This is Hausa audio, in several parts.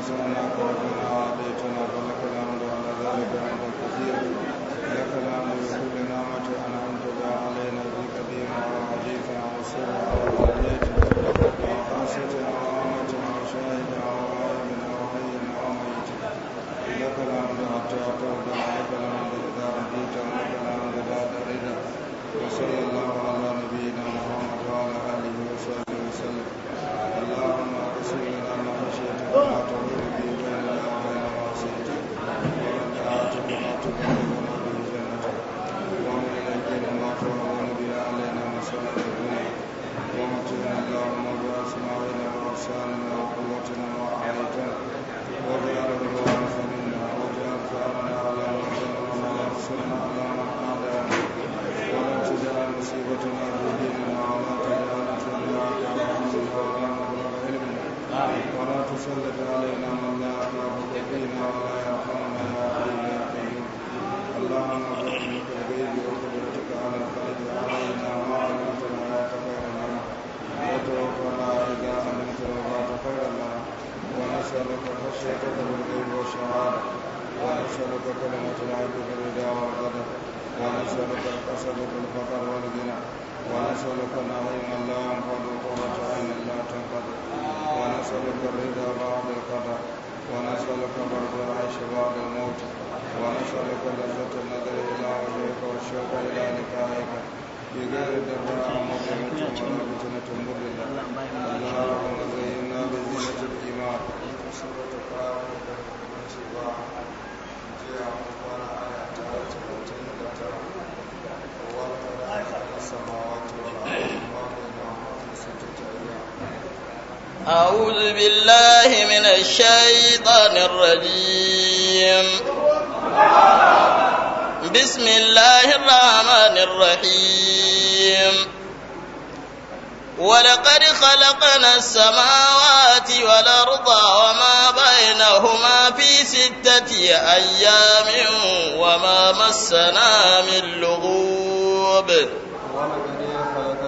حسنك وقنا وعافيتنا فلك الحمد على ذلك حمدا كثيرا لك الحمد بكل نعمة أنعمت بها علينا في قديمة وحديثة وسرة وعليتنا أعوذ بالله من الشيطان الرجيم بسم الله الرحمن الرحيم ولقد خلقنا السماوات والأرض وما بينهما في ستة أيام وما مسنا من لغوب ولقد خلقنا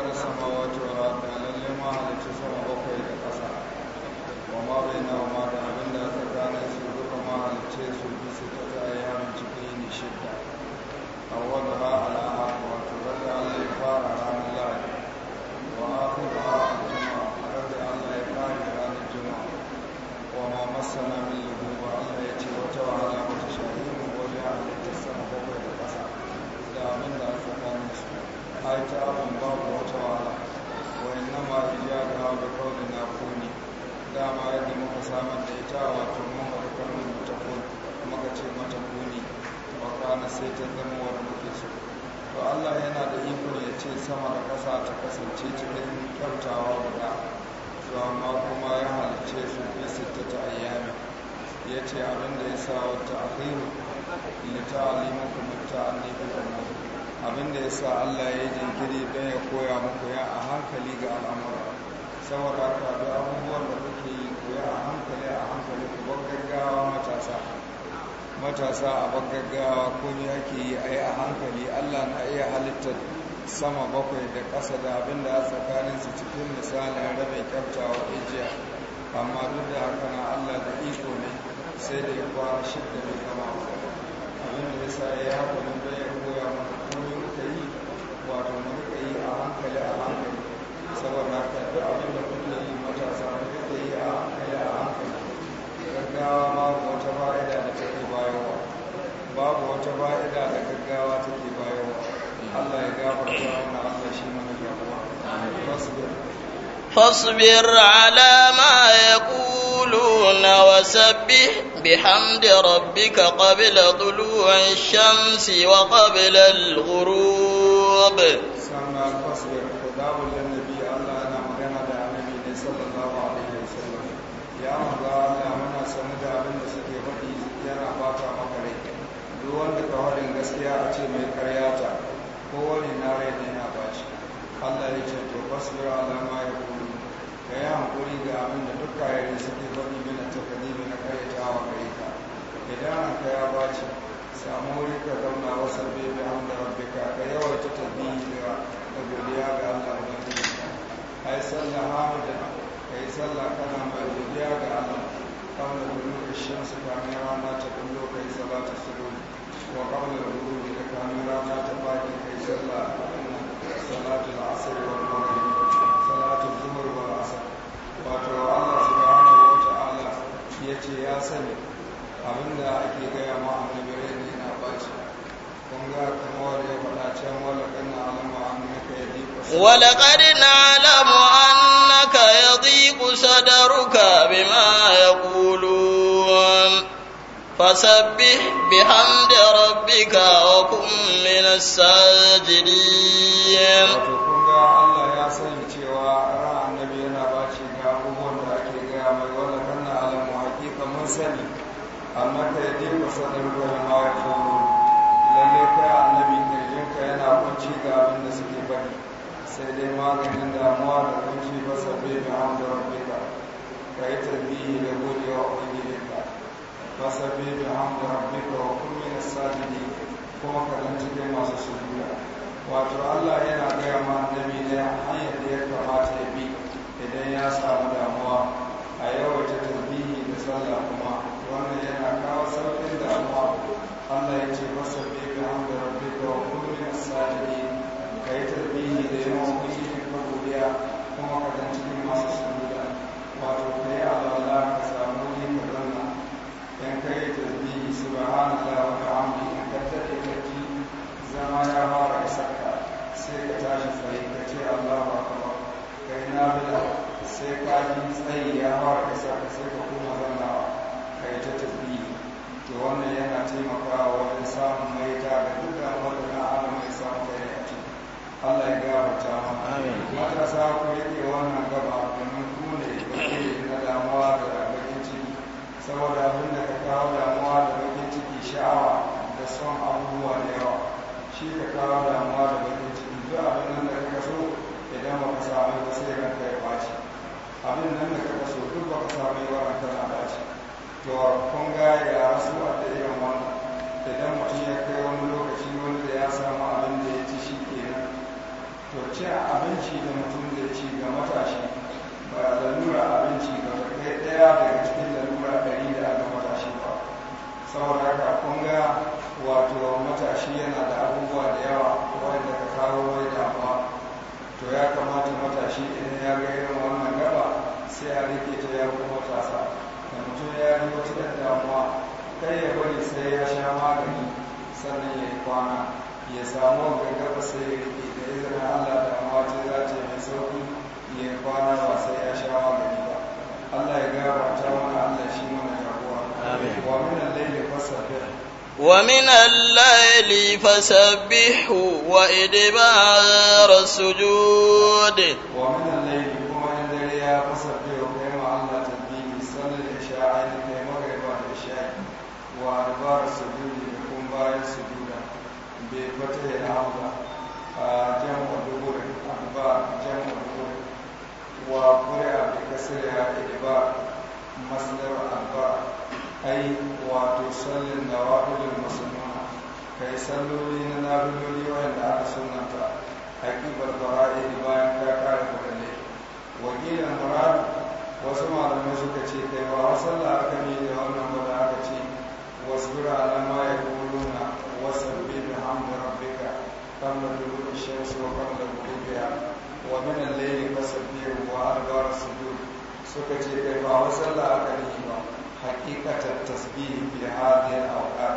awwalaha ala haqqa kada Allah ya fara ranar lahadi wa Allah ya kare ranar juma'a wa ma masana ya ce wata wahala wata shahiru sama da ƙasa da abin da babu wata wahala wa innama iyyaha bi qawlina kuni dama yadda da ita wato mun ga kalmar ta kuni ce sai ta zama wani to Allah yana da iko ya ce sama da ƙasa ta kasance cikin kyautawa guda to amma kuma ya halice su fi sitta ta ayyami ya ce abin da ya sa wata akhiru lita kuma ta annabi kuma abin da ya sa Allah ya yi jinkiri don ya koya muku ya a hankali ga al'amura saboda haka bi abubuwan da kuke yi koya a hankali a hankali ku bar gaggawa matasa matasa a ko komi ake yi a yi a hankali allah na iya halittar sama bakwai da kasa da abin da a su cikin misalin rabai kyaftawa ajiya amma duk da haka na allah da iko ne sai da ya kwa shidda mai kama abin فاصبر على ما يقولون وسبح بحمد ربك قبل طلوع الشمس وقبل الغروب wanda kawarin gaskiya a ce mai karyata kowane na rai ne na baci Allah ya ce to fasbir alama ya ka yi hankuri ga abin da duk kayayyar suke faɗi mina ta kadimi na karyatawa gare ka idan ka ya baci samu wuri ka zauna wasu bebe da rabbika ka yawaita tasbihi da godiya ga Allah ubangiji ai sallah hamida ka yi sallah kana mai godiya ga Allah kawai da lokacin su kamar rana ta kullo ka yi salatu sulul wa kawai da lokacin da kamar rana ta baki ka yi sallah da asr wal maghrib wato Allah subhanahu wa ta'ala ya ce ya sani abinda ake gaya ma annabi rai ne na baci kun ga kamar ya faɗa can walakan na alamu annaka ya kusa walakan na alamu annaka ya diku sadaruka bima ya kulun fasabbih bihamdi rabbika wa kun min as-sajidin wato kun ga Allah ya sani cewa mun sani annaka yadiku sadruka bima lalle kai annabi yana kunci ga abin da suke faɗi sai dai maganin damuwa da kunci ba sabbe ka yi da wa ba wa kuma ka dan cikin masu sujuda wato Allah yana gaya ma annabi ne hanyar da ya kamata ya bi idan ya samu damuwa sauran damuwa wannan yana kawo sauƙin damuwa Allah ya ce masa bi ga hamdu rabbika wa kullu min Ka yi kai tarbihi da yawan ubangiji ka godiya kuma ka dan cikin masu sujuda wato kai alwala ka samu ni ka zanna dan kai tarbihi da wata bihamdihi in ka tare kaki zama ya fara isarka sai ka tashi tsaye ka ce Allahu Ka yi na bila sai ka tsayi ya hawa ka ka sai ka kuma zannawa ka ta tafi to wannan yana taimaka wajen samun maita ga dukkan wanda na ana mai samun kai a ciki Allah ya gafarta mu amin matasa ku yake wannan gaba domin ku ne kake na damuwa da bakin ciki saboda abin da ka kawo damuwa da bakin ciki sha'awa da son abubuwa da yawa shi ka kawo damuwa da bakin ciki duk abin da ka so idan ba ka samu ba sai ranka ya ɓaci abin nan da ka kaso duk ka samu yi wannan tana dace to kun ga yara rasu a da irin wannan idan mutum ya kai wani lokaci wanda ya samu abin da ya ci shi kenan to ce abinci da mutum da ya ci ga matashi ba lalura abinci ba ta kai ɗaya daga cikin lalura ɗari da aka matashi ba saboda haka kun ga wato matashi yana da abubuwa da yawa wanda ka kawo wai damuwa to ya kamata matashi idan ya ga matasa da mutum ya yi wata da damuwa kar ya bari sai ya sha magani sannan ya yi kwana ya samu gaggaba sai ya rike da izinin allah za ta sauki ya yi kwana ba sai ya sha magani ba allah ya mana allah shi mana jagowa wa min al-layli fasabbih ومن الليل فسبحه وإدبار wa adbara sujudi da kun bayan sujuda bai fata ya hamza a jam'a duburin adba jam'a duburin wa kuri'a bi kasri ya yi idba masdar adba ai wato sallin da nawafilul musulmana kai salloli na nabiloli da aka sunnata hakibar fara'id bayan ka kare kudanne wakilin murad wasu malamai suka ce kai ba sallah aka ne da wannan واصبر على ما يقولون وسبح بحمد ربك قبل طلوع الشمس وقبل غروبها ومن الليل فسبحه وأدبار السجود suka ce kai ba wa sallah aka yi ba hakikatar tasbihi bi hadhihi al-awqat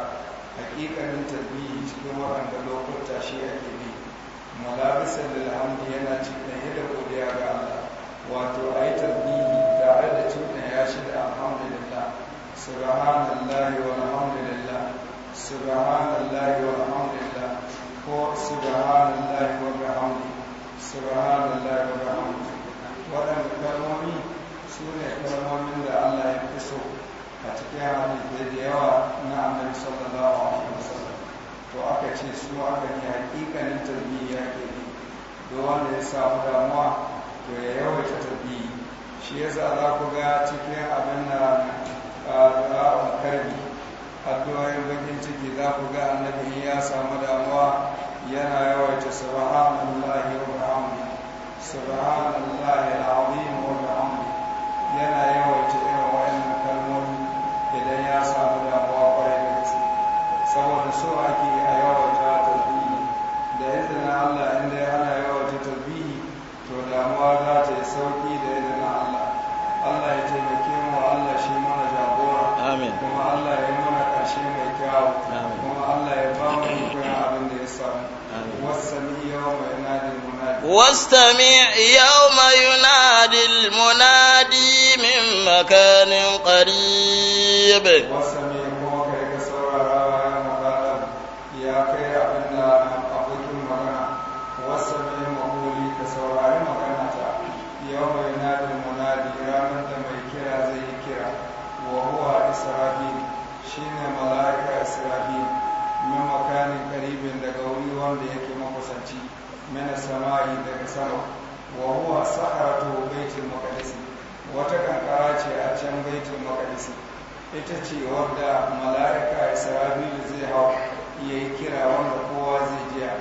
hakikanin tasbihi cikin waɗanda lokuta shi ake bi malabisan lil hamdi yana cikin da godiya ga Allah wato ayi tasbihi سبحان الله والحمد لله سبحان الله والحمد لله هو سبحان الله وبحمده سبحان الله وبحمده waɗanda kalmomi su ne da Allah ya fi so a cikin hadisai da yawa na annabi sallallahu alaihi to aka ce su aka ne hakikanin tarbiyya ke ne da wanda ya samu damuwa to ya yawaita tarbiyya shi yasa za ku ga cikin abin du'a karbi addu'o'in bakin ciki za ku ga annabi ya samu damuwa yana yawaita subhanallahi wa bihamdi subhanallahi alazim wa bihamdi yana yawaita irin wayannan kalmomi idan ya samu damuwa kwarai da gaske saboda so ake واستمع يوم ينادي المنادي من مكان قريب daga wuri wanda yake makusanci min samai daga sama wa huwa saharatu baitul maqdis wata ƙanƙara ce a can baitul maqdis ita ce wadda mala'ika isra'ilu zai hau yayi kira wanda kowa zai jiya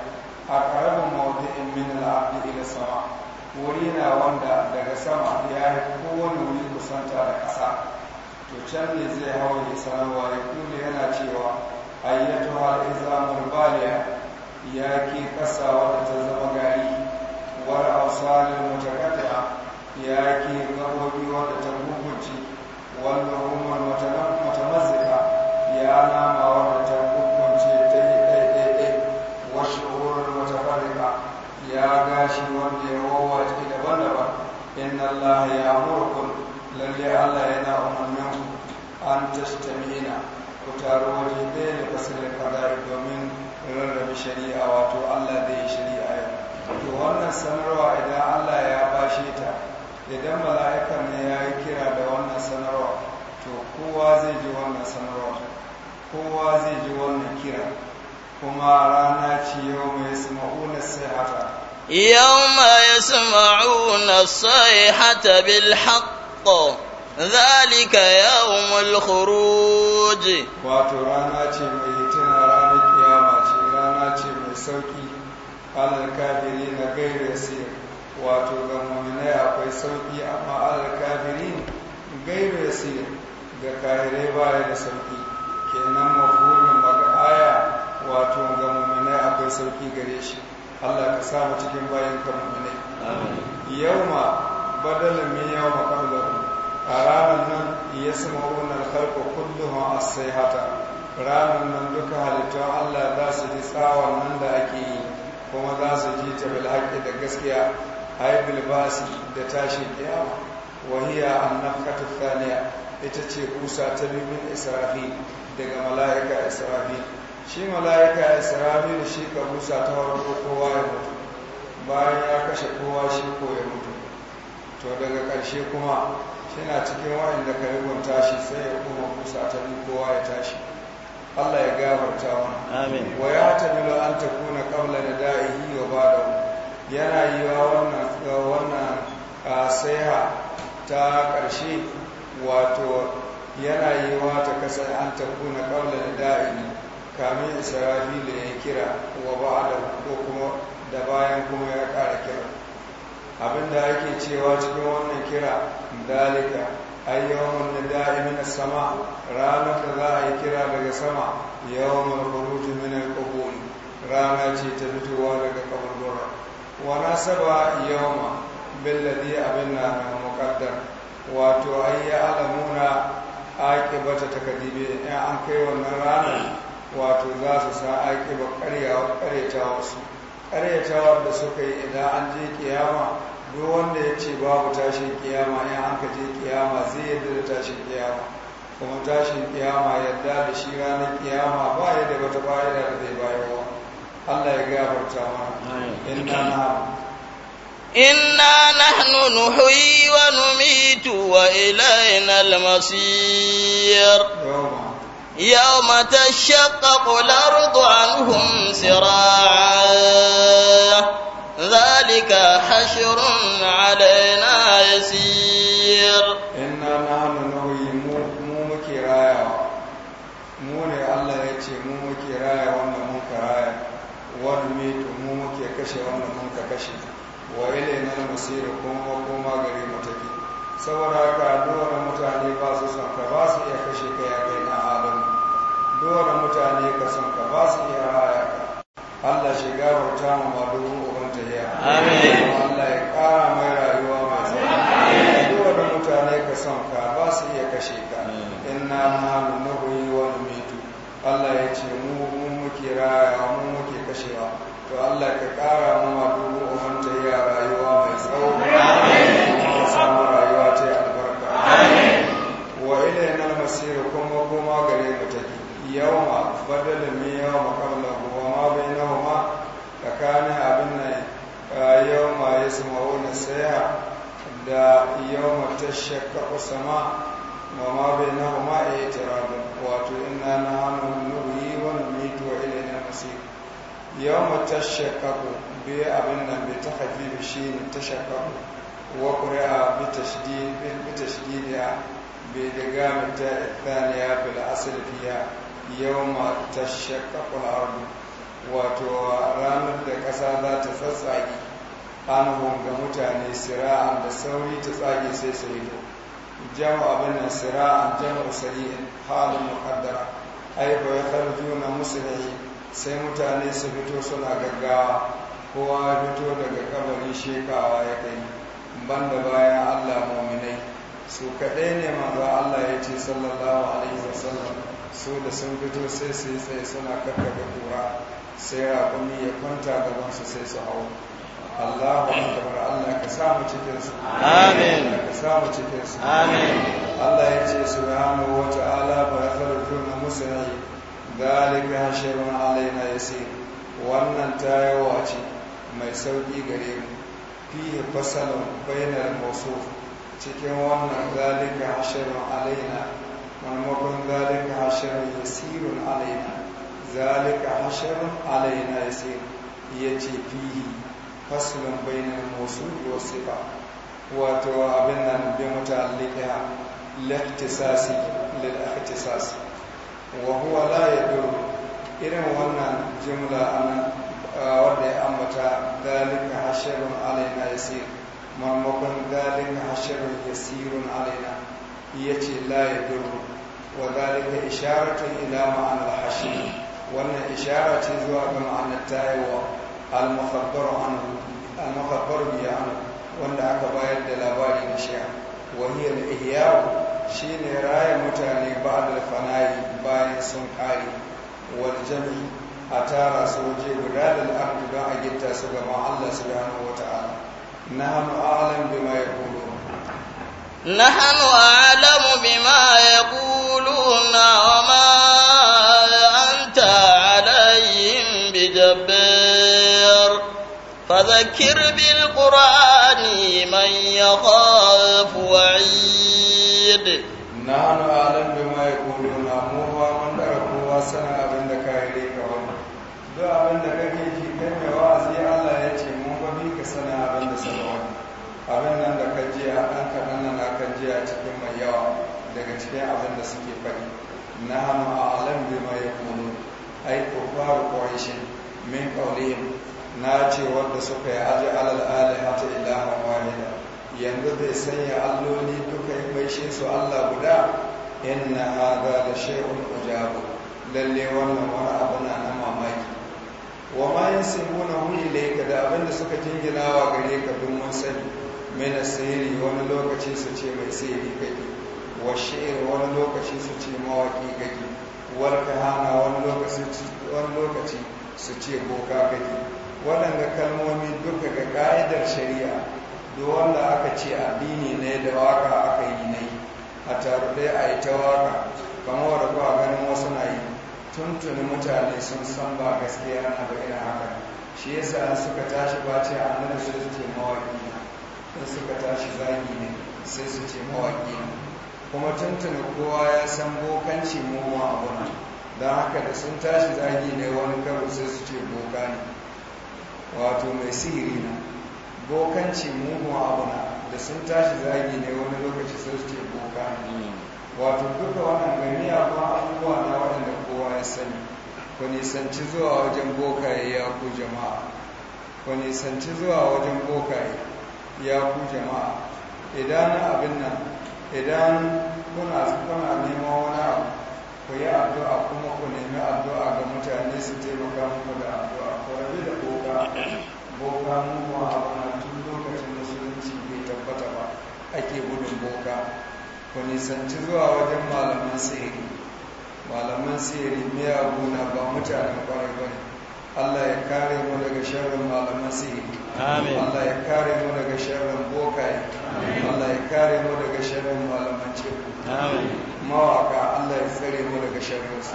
a karamin mawdu'in min al-abdi sama wuri na wanda daga sama ya yi kowane wuri kusanta da ƙasa to can ne zai hau ya sanarwa ya kula yana cewa ayyatu hal izamul baliya ya ke ƙasa wadda ta zama gari war ausalin mutakata ya ke gabobi wadda ta gugunci wani lahumul mutanammiz ji ji wannan kira kuma rana ce yau mai sama'una sai hata sai hata الصيحة zalika ذلك يوم الخروج Wato rana ce mai tuna ranar kiyama ce rana ce mai sauki alal kafiri na gaira sai wato ga mu'minai akwai sauki amma alal kafiri gaira sai ga kahirai baya da sauki kenan mafi wato ga mummunai akwai sauki gare shi Allah ka sa cikin bayan ka mu'minai ma badalin min ma qablahu a ranar nan wunar al kullum a sai hata. ranar nan duka halittun Allah za su ji tsawon nan da ake yi kuma za su ji ta bilhaƙi da gaskiya yi basi da tashin kiyama wahiya annafkatu thaniya ita ce kusa ta bibin israfi daga mala'ika israfi shi mala'ika ya sarari da shi ka busa ta farko kowa ya mutu bayan ya kashe kowa shi ko ya mutu to daga ƙarshe kuma shina cikin wa'anda ka ribunta shi sai ya kuma busa ta bi kowa ya tashi Allah ya gafarta mana amin wa ya milo an kawla da da'ihi wa da yana wa wannan wannan saiha ta ƙarshe wato yana wa ta kasa an kawla da da'ihi kamin sarari da ya kira wa ba'adar ko kuma da bayan kuma ya ƙara kira abinda ake cewa cikin wannan kira dalika ayyawan da da'imin sama ranar da za a yi kira daga sama yawon rubutu min qabul rana ce ta fitowa daga kaburbura wa nasaba yawma na abinna muqaddar wato ayya alamuna bata takadibe in an kai wannan ranar wato za su sa aiki ba karyatawa su karyatawa da suka yi idan an je kiyama duk wanda ya ce babu tashin kiyama in an ka je kiyama zai yadda da tashin kiyama kuma tashin kiyama yadda da shi ranar kiyama ba ya da wata fa'ida da zai bayarwa Allah ya gafarta mana inna na wa numitu wa ونميت وإلينا المصير يوم. يوم تشقق الأرض عنهم سراعا ذلك حشر علينا يسير إنا نحن نوي مو مكرايا مو ne Allah ya ce mu raya wanda muka raya wani mito mu muke kashe wanda muka kashe wa ilai na masiri kuma koma mu take saboda haka dole mutane ba su son ka ba iya kashe ka ya na adam dole mutane ka san ka ba su iya raya Allah shi ta mu ba dubin uban ta yi Allah ya kara mai rayuwa mai tsaye Dole mutane ka san ka ba su iya kashe ka In na inna na nuhyi wa numitu Allah ya ce mu mu muke raya mu muke kashewa to Allah ka kara mu ma da yawon tashakka sama wa ma bai na kuma a yi tirabin wato ina na hannun nuhi wani mito ilai na masir yawon tashakka bai abin nan bai ta hafi shi ne tashakka wa kuri'a bi tashdidiya bai daga mata ithaniya bil asali fiya yawon tashakka al'ardu wato ranar da ƙasa za ta tsatsage anhum ga mutane sira'an da sauri ta tsage sai sayidu jamu abin nan sira'an jamu sayi'in halin muqaddara ai ba na muslihi sai mutane su fito suna gaggawa kowa ya fito daga kabari shekawa ya kai banda bayan Allah mominai. su kaɗai ne manzo Allah ya ce sallallahu alaihi wasallam su da sun fito sai su yi tsaye suna da kura sai raƙumi ya kwanta gabansu sai su hau Allah Allahu akbar Allah ka sa mu cikin su amin ka sa mu cikin su amin Allah ya ce subhanahu wa ta'ala fa yakhrujuna muslimin dalika hashrun alaina yasir wannan tayawa ce mai sauki gare mu fihi fasalun bainal mawsuf cikin wannan dalika hashrun alaina maimakon dalika hashrun yasirun alaina zalika hasharun alaina ya ce fihi fasulun bainal mawsul wa wato abin nan bi muta'alliqiha lihtisasi lil ihtisas wahuwa huwa ya yadur irin wannan jimla a wanda ya ambata dalika hasharun alaina ya yasir mamakon dalika hasharun sirun alaina yace la yadur wa dalika isharatun ila ma'anar hashir wannan isharatun ce zuwa ga ma'anar tayewa al biya wanda aka bayar da labari da shi wa hiya al-ihya'u shine raya mutane ba da fanayi bayan sun kare wal jami a tara su waje guda da al'adu don a gitta su gama Allah subhanahu wa ta'ala nahnu a'lam bima yaqulun nahnu a'lamu bima yaquluna wa ma فذكر بالقرآن من يخاف وعيد نحن أعلم بما يقولون أموها من أركوا سنة أبن دكايري دو يوازي الله يتي abin nan da na cikin mai yawa daga cikin abin da suke faɗi na hannu a alam bi mai ai ko ƙwarishin min ƙaulihim na ce wanda suka yi aji alal alihata ilaha wahida yanzu zai sanya alloli duka yi maishe su allah guda na hada da shehun ujabu lalle wannan wani abu na na mamaki wa ma yin na huli laika da abinda suka wa gare ka bin mun sani mai sihiri wani lokaci su ce mai sayiri kake wa shi'ir wani lokaci su ce mawaki kake Warka hana wani lokaci su ce boka kake waɗanda kalmomi duka ga ƙa'idar shari'a da wanda aka ce addini ne da waka aka yi ne a taru dai a yi ta waka kamar wadda a ganin wasu na yi tuntuni mutane sun san ba gaskiya na ba irin haka shi yasa suka tashi bacin a sai su ce mawaƙi na? In suka tashi zagi ne sai su ce mawaƙi ne kuma tuntuni kowa ya san bokanci mugun abu don haka da sun tashi zagi ne wani karo sai su ce boka ne wato mai sihiri na bokanci mugun abuna da sun tashi zagi ne wani lokaci sai ce boka hmm. wato duka wannan gani abu abubuwa na waɗanda kowa ya sani ku nisanci zuwa wajen bokaye ya ku jama'a ku nisanci zuwa wajen bokaye ya ku jama'a idan abin nan idan kuna kuna neman wani abu ku yi addu'a kuma ku nemi addu'a ga mutane su taimaka muku da addu'a ku rabe da boka boka ba a tun lokacin musulunci bai tabbata ba ake gudun boka ku nisanci zuwa wajen malaman sihiri malaman sihiri abu na ba mutane kwarai ba ne Allah ya kare mu daga sharrin malaman sihiri Allah ya kare mu daga sharrin Amin. Allah ya kare mu daga sharrin malaman Amin. mawaka Allah ya tsare mu daga sharrinsu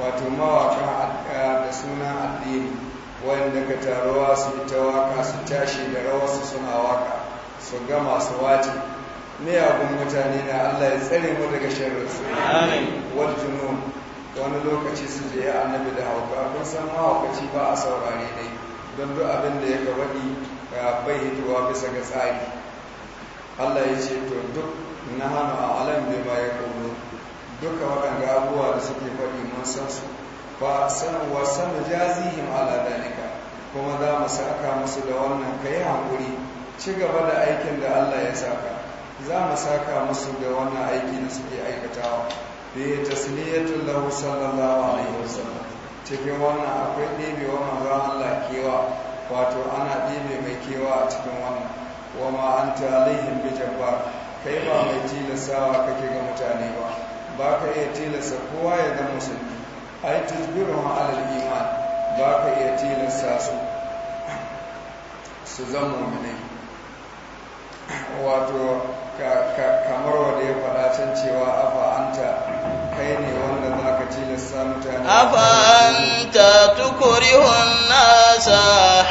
wato mawaka da suna addini wanda ka taruwa su yi ta waka su tashi da rawarsu suna waka su gama su wace miyagun mutane na Allah ya tsare mu daga sharrinsu wal junun wani lokaci su je annabi da hauka kun san mawakaci ba a saurare dai don duk abin da ya gabaɗi bai bisa ga tsari Allah ya ce to duk na hannu a alam ne ba ya kogo duka waɗanda abuwa da suke faɗi mun san su ba san wa san jazihim ala dalika kuma za mu saka musu da wannan kai hankuri ci gaba da aikin da Allah ya saka za mu saka musu da wannan aiki da suke aikatawa da ya tasliyatul lahu sallallahu alaihi wasallam cikin wannan akwai ɗebe wa manzon Allah kewa wato ana ɗebe mai kewa a cikin wannan wa ma anta alaihim bijabbar kai ba mai tilasawa kake ga mutane ba ba ka iya tilasa kowa ya ga musulmi ai tuzbiru alal iman ba ka iya tilasa su su zama mummune wato kamar wanda ya faɗa can cewa afa anta kai ne wanda za ka tilasta mutane afa anta tukurihun nasa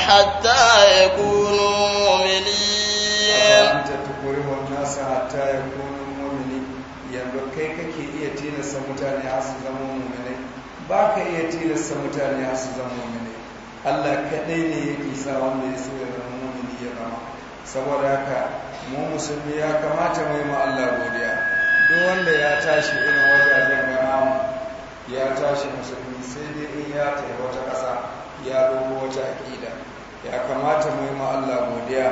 hatta ya kunu sa mutane har su zama mummuni Allah kaɗai ne ya sa wanda ya so ya zama mummuni ya zama saboda haka mu musulmi ya kamata mu yi ma Allah godiya duk wanda ya tashi irin wajajen gama ya tashi musulmi sai dai in ya tafi wata ƙasa ya rubo wata aƙida ya kamata mu yi ma Allah godiya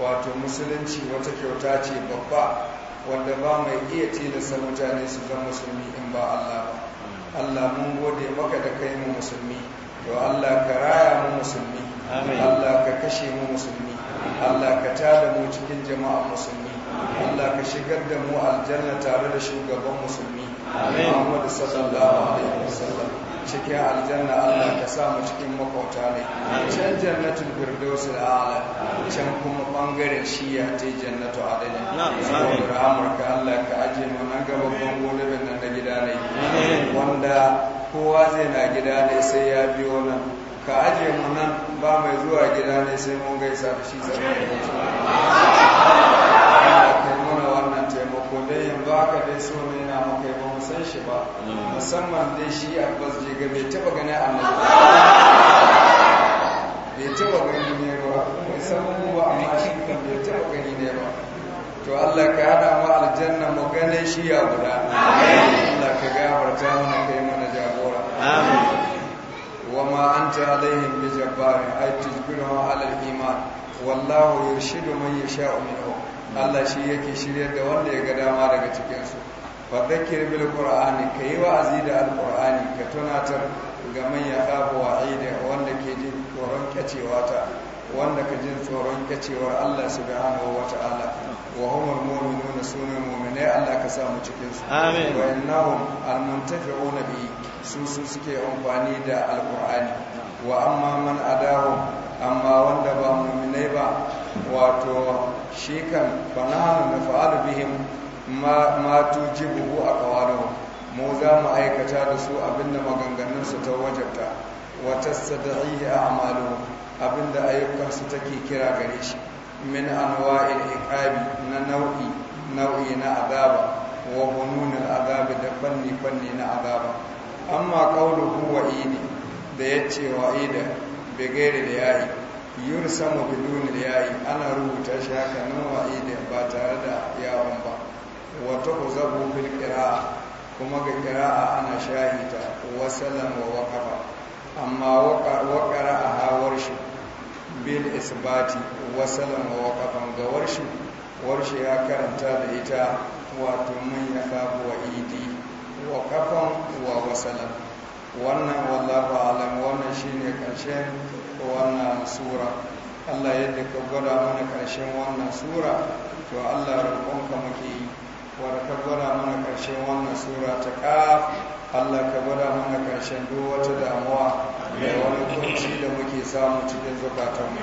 wato musulunci wata kyauta ce babba wanda ba mai iya tilasta mutane su zama musulmi in ba Allah ba Allah mun gode maka da kai mu musulmi to Allah ka raya mu musulmi Allah ka kashe mu musulmi Allah ka tada mu cikin jama'a musulmi Allah ka shigar da mu aljanna tare da shugaban musulmi Muhammad sallallahu alaihi wasallam cikin aljanna Allah ka sa mu cikin makauta ne can jannatul firdaus al'ala can kuma bangaren shiya ta jannatu adana saboda amurka Allah ka aje mu nan gaba bango da nan da ne wanda kowa zai na gida ne sai ya biyo nan ka ajiye mu nan ba mai zuwa gida ne sai mun gaisa da shi zama da mutu kai muna wannan taimako dai yanzu haka dai so ne na maka yi ba san shi ba musamman dai shi abbas je ga bai taba gani annabi bai taba gani ne ba mai san mu ba amma shi kan bai taba gani ne ba to Allah ka hada mu aljanna mu gane shi ya guda Allah ka gafarta mana kai mana jagora amin wa ma an ta alaihim bi jabbar ay tujbiru wa al-iman wallahu yurshidu man yasha'u minhu Allah shi yake shiryar da wanda ya ga dama daga cikin su fa dhakkir bil qur'ani kai wa'azi da al-qur'ani ka tunatar ga man ya kafa wa'ida wanda ke jin tsoron kacewa ta wanda ka jin tsoron kacewar Allah subhanahu wa ta'ala wa humul mu'minuna sunu mu'minai Allah ka sa mu cikin su amin wa innahum almuntafi'una bi su sun suke amfani da alkur'ani wa amma man adahu amma wanda ba mu'minai ba wato shi kan hannu nahnu fa'adu bihim ma ma a aqwaluhum mu za mu aikata da su abinda maganganun su ta wata wa a a'maluhum abinda ayyukansu take kira gare shi min anwa'il iqabi na nau'i nau'i na azaba wa bununul azabi da fanni fanni na azaba amma qawluhu wa idi da yace wa ida bi gairi da yayi yursamu bidun yayi ana rubuta shi haka nan ba tare da yawon ba wa tuqzabu bil qira'a kuma ga qira'a ana shahita wa salam wa waqafa amma waƙara a hawar shi bil isbati wasalan wa waqafan ga warshi ya karanta da ita wato man ya kafu wa idi wa kafan wa wasalan wannan wallahu alam wannan shine karshen wannan sura Allah yadda ka gwada mana karshen wannan sura to Allah roƙonka muke yi wadda ka gwada mana karshen wannan sura ta kaf Allah ka gwada mana karshen duk wata damuwa da wani kunci da muke samu cikin zukatanmu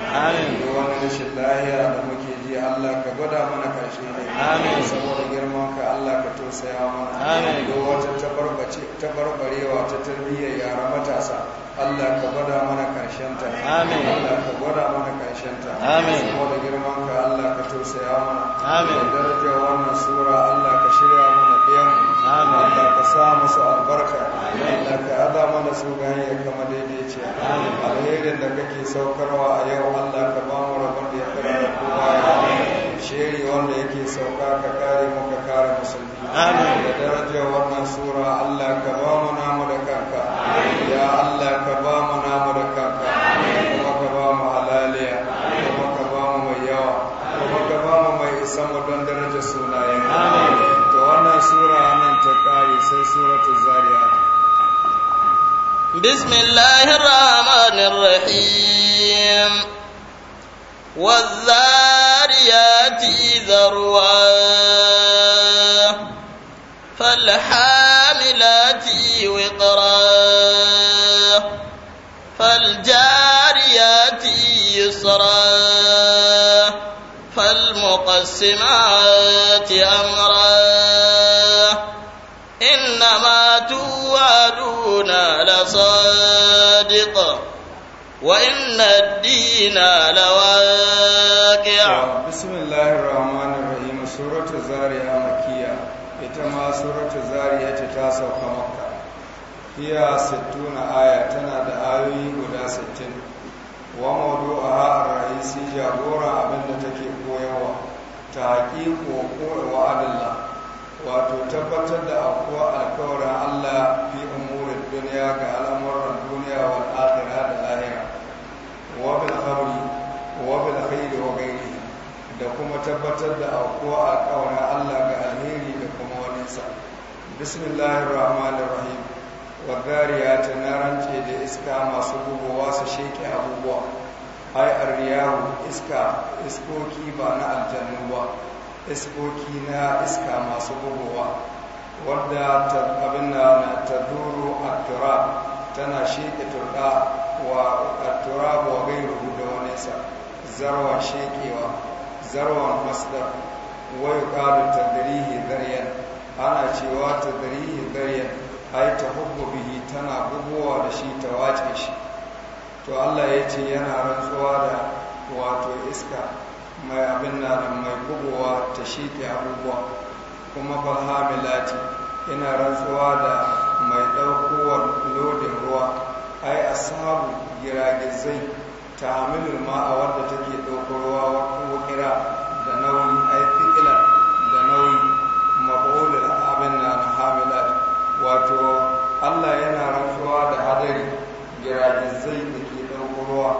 Duk wani rashin lahiya da muke ji Allah ka gwada mana kashi ne amin saboda girman ka Allah ka tausaya mana amin ga wata tabarbace tabarbarewa ta tarbiyyar yara matasa Allah ka gwada mana karshen ta amin Allah ka gwada mana karshen ta amin saboda girman ka Allah ka tausaya mana amin darajar wannan sura Allah ka shirya mana ɗayan amin Allah ka sa musu albarka Allah ka ada mana su ga ya kama daidai ce alherin da kake saukarwa a yau Allah ka ba mu rabon da ya kare da kowa ya shiri wanda yake sauka ka kare mu ka kare musulmi da darajar wannan sura Allah ka ba mu namu da kanka ya Allah ka ba mu namu da kanka kuma ka ba mu halaliya kuma ka ba mu mai yawa kuma ka ba mu mai isa mu don darajar sunayen to wannan sura nan ta kare sai suratul zariyat بسم الله والذاريات ذروا فالحاملات وقرا فالجاريات يسرا فالمقسمات أمرا إنما توعدون لصادق وإن الدين لواقع بسم الله الرحمن الرحيم سورة الزارية مكية إتما سورة الزارية تتاسى مكة هي ستون آية تنادى آيوي قدا ستين وموضوعها الرئيسي جابورا أبن تكي قويوة تحقيق وقوع وعد الله وتتبتد أقوى الكورة الله في أمور الدنيا كالأمر الدنيا والآخرة الآخرة wa bil khabri wa wa ghairi da kuma tabbatar da aukuwa ƙaunar Allah ga alheri da kuma waninsa bismillahir rahmanir rahim wa na rance da iska masu gubowa su sheke abubuwa ai arriyahu iska iskoki ba na aljannu ba iskoki na iska masu gubowa wadda abin na ta duru a tana sheke turɗa wa turabu wa gairu da sa zarwa shekewa zarwa masdar wa yuqalu tadrihi daryan ana cewa tadrihi daryan ai tahubbu bihi tana bugowa da shi ta wace shi to Allah ya ce yana rantsuwa da wato iska mai abin da mai bugowa ta sheke abubuwa kuma falhamilati ina rantsuwa da mai ɗaukowar lodin ruwa ai a samu giragizai ta ma a wadda take ɗauko ruwa wakira da nauyi ai fikila da nauyi mafa'ulul abin na hamilat wato allah yana rantsuwa da hadari giragizai da ke ɗauko ruwa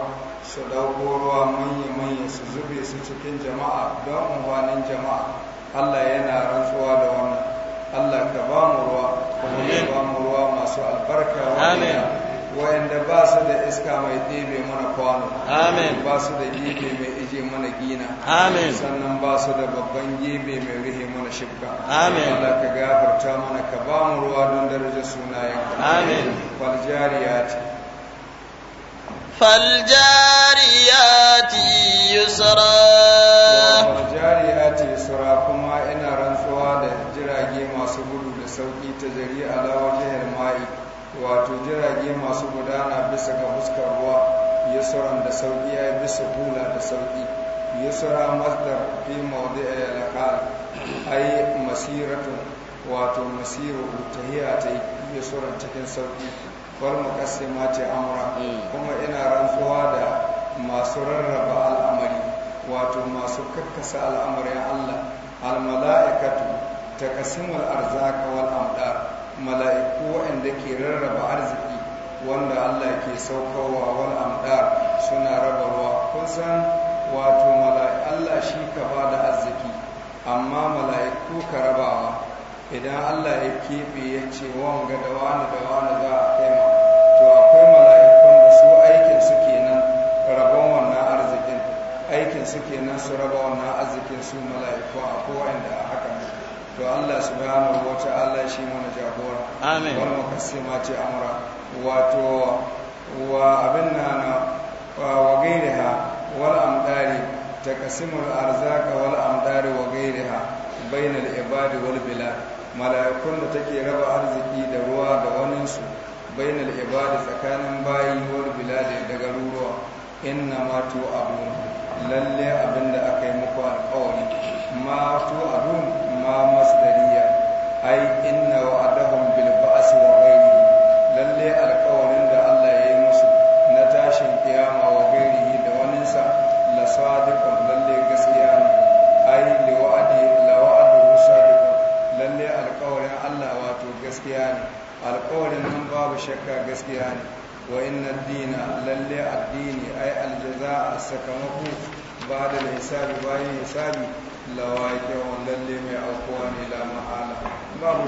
su ɗauko ruwa manya-manya su zube su cikin jama'a don amfanin jama'a allah yana rantsuwa da wannan Allah ka ba mu ruwa kuma ka ba mu ruwa masu albarka wa wayanda ba su da iska mai ɗebe mana kwano ba su da gebe mai ije mana gina sannan ba su da babban gebe mai rihe mana shibka Allah ka gafarta mana ka ba mu ruwa don darajar sunayen amen fal jariyat yusra fal yusra kuma ina rantsuwa da jirage masu gudu da sauki ta jari lawar jihar ma'i wato jirage masu gudana bisa ga fuskar ruwa yusran da sauki ya yi bisa hula da ya yusra masdar fi maudu a a yi masiratu wato masiru ta tahiya ta yi yusran cikin sauki wal muqassima mace amura kuma ina rantsuwa da masu rarraba al'amari wato masu kakkasa al'amarin Allah al mala'ikatu taqsimul arzaka wal amdar mala'iku wanda ke rarraba arziki wanda Allah ke saukowa wal amdar suna raba ruwa Kusan san wato mala'iku Allah shi ka ba da arziki amma mala'iku ka rabawa idan Allah ya keɓe ya ce wanga da wani da wani za a kai ma to akwai mala'ikun da su aikin su kenan rabon wannan arzikin aikin su kenan su raba wannan arzikin su mala'iku a kowa inda a haka to Allah subhanahu wa ta'ala shi mana jagora amin wal muqassimati amra wato wa abin nana wa gairiha wal amdari taqsimul arzaka wal amdari wa gairiha bainal ibadi wal bilad mala'ikun da take raba arziki da ruwa da waninsu bainal ibadi tsakanin bayi wal biladi da garuruwa inna ma tu abun lalle abinda aka yi muku alƙawari ma tu abun ma masdariya ai innahu wa'adahum bil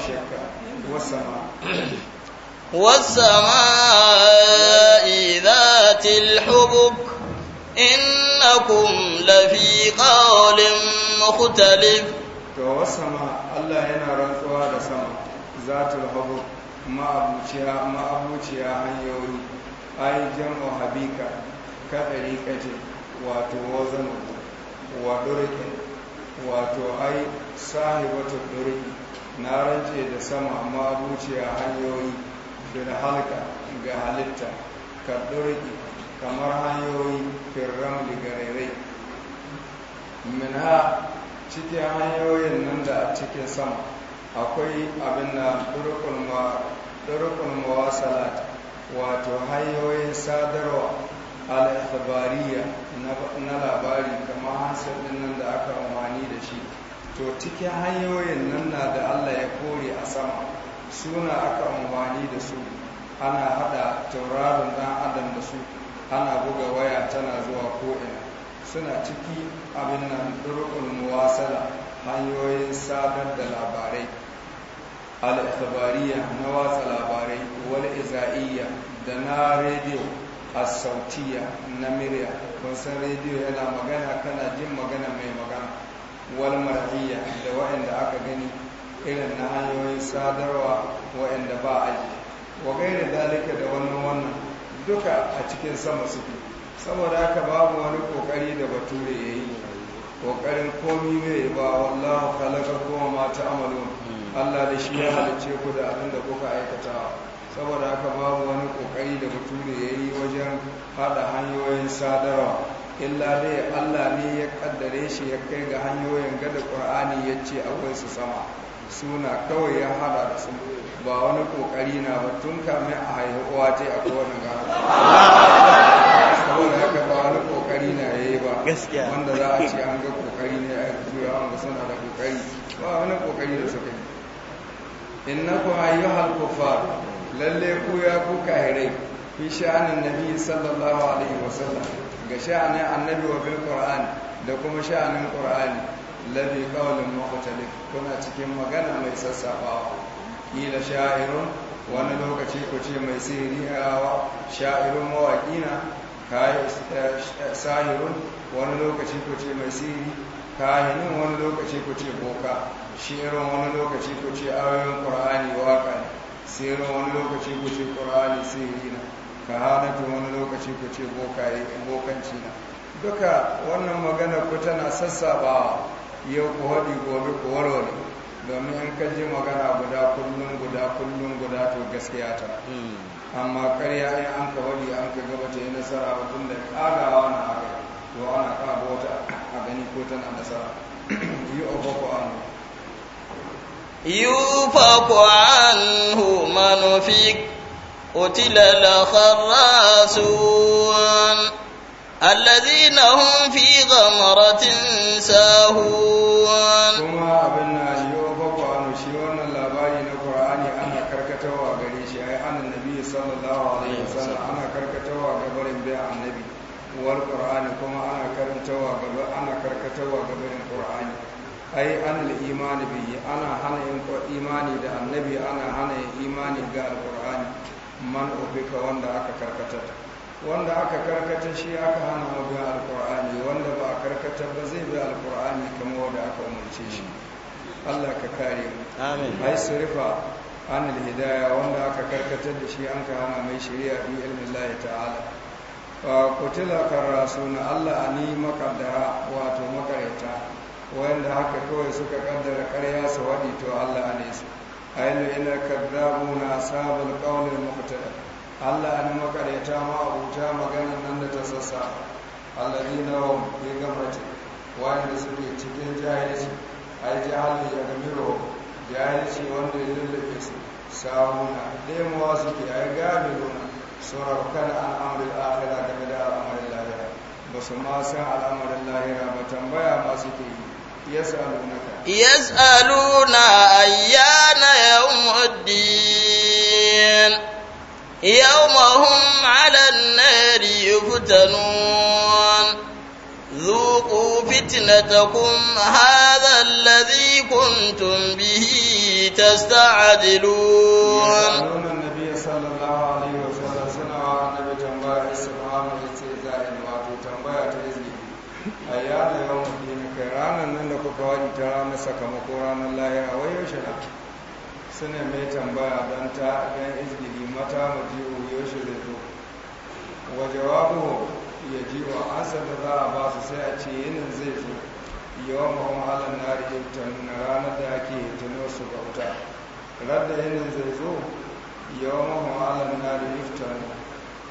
shakka wasama wasama idatil hubub innakum lafi qawlin mukhtalif to wasama Allah yana rantsuwa da sama zata hubub ma abuciya ma abuciya hanyoyi ai jama'a ka dari wato wazan wa dore wato ai sahibatul dore na rance da sama amma zuciya hanyoyi fil halka ga halitta ka kamar hanyoyi firram da garerai min ha cikin hanyoyin nan da a cikin sama akwai abin na ɗorkun mawasalat wato hanyoyin sadarwa al-ikhbariya na labari kamar hansar nan da aka amfani da shi to cikin hanyoyin nan na da allah ya kore a sama suna aka amfani da su ana hada tauraron dan adam da su ana buga waya tana zuwa ko'ina suna ciki abin nan rukun muwasala hanyoyin sadar da labarai al na watsa labarai wani Izaiyya da na rediyo a sautiya na murya kun san rediyo yana magana kana jin magana mai magana wal mar'iyya da wa'anda aka gani irin na hanyoyin sadarwa wa'anda ba yi wa gaira dalika da wannan wannan duka a cikin sama suke saboda haka babu wani kokari da bature ya yi kokarin komi ne ba wallahu khalaqa kuma ma ta'malun hmm. Allah da shi ya halice ku da abin da kuka aikatawa saboda haka babu wani kokari da bature ya yi wajen hada hanyoyin sadarwa illa dai allah ne ya kaddare shi ya kai ga hanyoyin gada ƙur'ani ya ce akwai su sama suna kawai ya hada da su ba wani kokari na ba tun kamin a haihuwa ce a kowane gara saboda haka ba wani kokari na ya yi ba wanda za a ce an ga kokari ne a turawan wanda suna da kokari ba wani kokari da suka yi innakum ayyuhal kuffar lalle ku ya ku kahirai fi sha'anin nabi sallallahu alaihi wasallam ga sha'anin annabi wa bil qur'an da kuma sha'anin qur'ani ladhi qawlun mukhtalif kuna cikin magana mai sassafawa kila sha'irun wani lokaci ku ce mai sihiri rawa sha'irun mawaƙi na eh, wani lokaci ku ce mai sihiri kahinin wani lokaci ku ce boka irin wani lokaci ku ce ayoyin ƙur'ani waƙa ne sirrin wani lokaci ku ce sai sirri na kahanatu wani lokaci ku ce bokanci na duka wannan magana ku tana sassabawa yau ku haɗi gobe ku warware domin in ka ji magana guda kullum guda kullum guda to gaskiya ta hmm. amma karya in an ka haɗi an ka gaba ta yi nasara ba tun da ƙagawa na haka to ana ƙara ta a gani ko tana nasara yi a boko يوفق عنه من أفك قتل الخراسون الذين هم في غمرة ساهون kuma abin na yiwu babu anu shi wannan labari na qur'ani ana karkatawa gare shi ai anan nabi sallallahu alaihi wasallam ana karkatawa ga barin bi annabi wal qur'ani kuma ana ai an imani bi ana hana yin imani da annabi ana hana yin imani ga alqur'ani man ubika wanda aka karkatar wanda aka karkatar shi aka hana mu ga alqur'ani wanda ba a karkatar ba zai bi alqur'ani kamar wanda aka umarce shi Allah ka kare mu amin ai surifa an hidaya wanda aka karkatar da shi an ka hana mai shari'a bi Allah ta'ala wa kutila karrasuna Allah ani makadara wato makarita wanda haka kawai suka kaddara ƙarya su waɗi to Allah ne su ayyana ina kaddabu na sabon ƙaunar muhtara Allah ne makareta ma abuta maganin nan da ta sassa ne na wa gama ce wanda suke cikin jahilci ai jahilci ya rohu jahilci wanda ya lullufe su ke a suke ai gabiluna surarkan an amril akhira game da al'amarin lahira ba su ma san al'amarin lahira ba tambaya ma suke yi yas'aluna ayyana yawmuddin yawmahum 'alan nari yuftanun dhuqu fitnatakum hadha alladhi kuntum bihi tasta'dilun ayyana yawmuddin ranar nan da kuka wadi ta ranar sakamako ranar lahira wai yaushe na suna mai tambaya don ta ɗan izgidi mata majiyo yaushe zai zo waje jawabu ya jiwa an da za a ba su sai a ce yinin zai zo yawan mahalar na rikinta na ranar da ake tuno su bauta radda yinin zai zo yawan mahalar na rikinta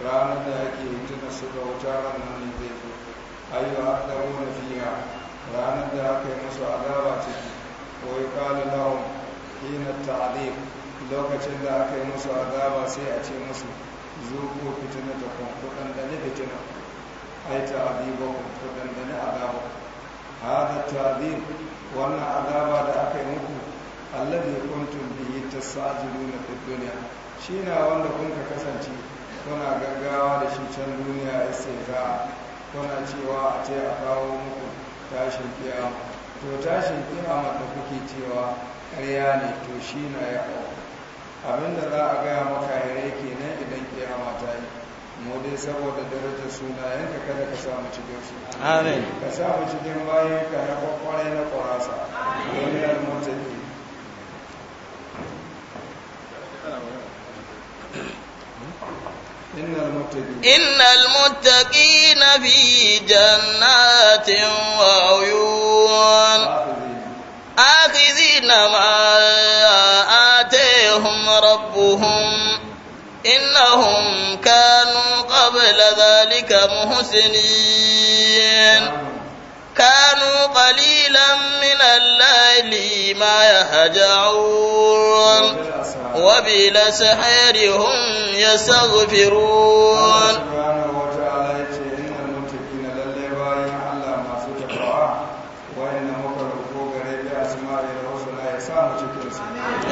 ranar da ake tuno su bauta ranar ne zai zo ayyuwa da wani fiya ranar da aka yi musu azaba ce ko yi kalu lahum hina ta'adib lokacin da aka yi musu azaba sai a ce musu zuku fitina ta kun kudan da fitina ai ta'adibu kudan da ni azaba hada ta'adib wannan azaba da aka yi muku alladhi kuntum bihi tasajiluna fid dunya shi na wanda kun ka kasance kuna gaggawa da shi can duniya sai za kuna cewa a ce a kawo muku tashin to tashin kiyama mata kuke cewa karya ne to shi na ya abin da za a gaya maka yare kenan idan kira mata yi mu dai saboda darajar yanka kada ka samu cikin su ka samu cikin bayan ka na kwakwarai na kwarasa إن المتقين في جنات وعيون آخذين ما آتيهم ربهم إنهم كانوا قبل ذلك محسنين وكانوا قليلا من الليل ما يهجعون وبالسحر هم يستغفرون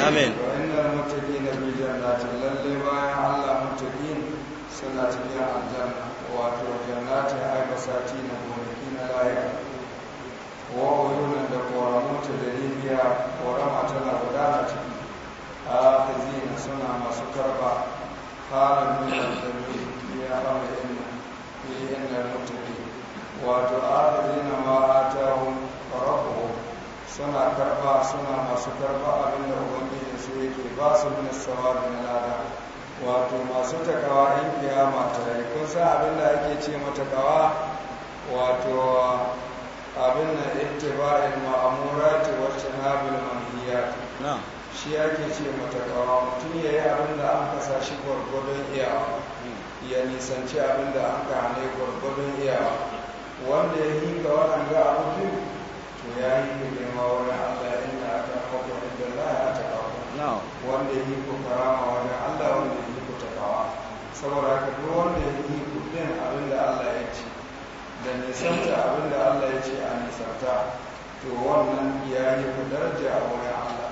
Amin. Wa'annan mutaki na bijan na lalle bayan Allah mutaki suna cikin aljanna wato jannatin aibasati na gonaki na layar wa da ƙoramu ta daliliya ƙorama tana gada ciki a kazina suna masu karɓa halin nuna zabi ya hama yana yi inda mutane wato a kazina a tahun rabu suna karɓa suna masu karɓa abinda ubangiji su yake ba su nuna sawabi na lada wato masu takawa yan kiyama ta yi kun san abinda ake ce mata kawa wato abin na ittiba'il ma'amurati wa tinabil manhiyat na'am shi yake ce mata kawa mutum ya yi abin da an kasa shi gwargwadon iyawa hmm. ya nisanci abin da an kane gwargwadon iyawa wanda ya yi ga waɗanda abubuwan to ya yi da nema wani allah inda aka kwakwa inda za a ta kawo wanda ya yi ku karama wani allah wanda ya yi ku ta saboda haka duk wanda ya yi ku ɗin abin da allah ya ce da nisanta abin da Allah ya ce a nisanta to wannan ya yi ku daraja a wurin Allah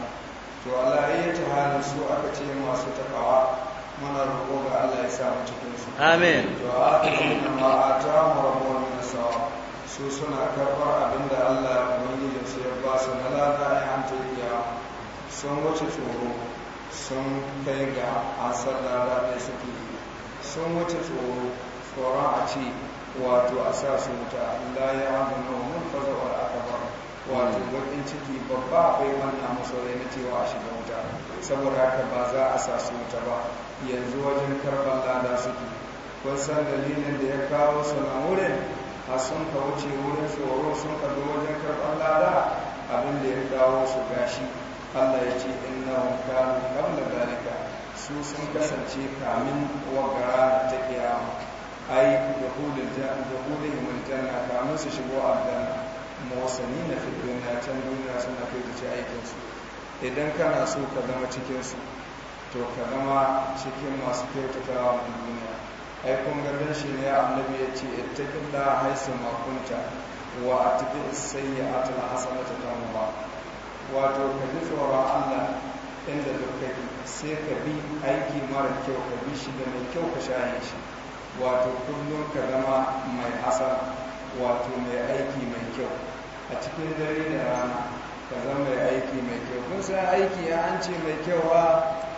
to Allah ya ta halin su aka ce masu takawa muna roƙo ga Allah ya samu cikin su amen to a yi ma a ta nasawa su suna karɓar abinda Allah ya wani da su ya ba su na lada ya hanta ya sun wuce tsoro sun kai ga asar lada ɗaya suke sun wuce tsoro tsoron a ce wato a sa su wuta la ya amanu mun faza wa ba wato hmm. bakin ciki babba bai manna musu rai na cewa a shiga wuta saboda haka ba za a sa su wuta ba yanzu wajen karban lada suke kun san dalilin da ya kawo su na wurin a sun ka wuce wurin tsoro sun ka zo wajen karban lada abin da ya kawo su gashi Allah ya ce in innahum kanu da dalika su sun kasance kamin wa ta kiyama ai da hulun da hulun mulkana kamun su shigo da mawasani na fitin na can duniya suna kai da ci aikinsu idan kana so ka zama cikinsu to ka zama cikin masu kyautatawa a duniya ai kun gadon shi ne annabi ya ce ittaqin da haisu makunta wa a atbi as-sayyi'ata ta ta tamma wato ka ji tsoron Allah inda duk sai ka bi aiki mara kyau ka bi shi da mai kyau ka shaye shi wato kullum ka zama mai hasa wato mai aiki mai kyau a cikin dare da rana ka zama mai aiki mai kyau kun san aiki ya an ce mai kyauwa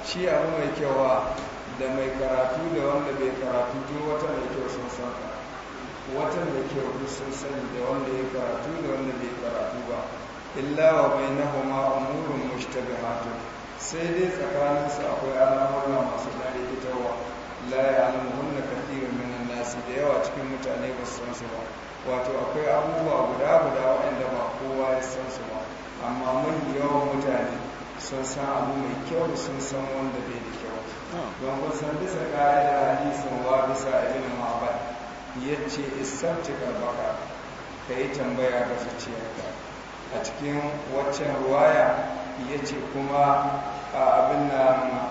shi abu mai kyauwa da mai karatu da wanda bai karatu duk wata mai kyau sun san wata mai kyau duk sun sani da wanda ya karatu da wanda bai karatu ba illa wa bainahuma umurun mushtabihatun sai dai tsakaninsu akwai al'amura masu dare fitarwa la ya'lamuhunna kafin minan nasi da yawa cikin mutane ba su san su ba wato akwai abubuwa guda guda waɗanda ba kowa ya san su ba amma mun yawan mutane sun san abu mai kyau sun san wanda bai da kyau don kun san bisa da hadisin wa bisa ibn ma'bad yace isabti kalbaka yi tambaya ga zuciyarka a cikin waccan ruwaya ya ce kuma abin na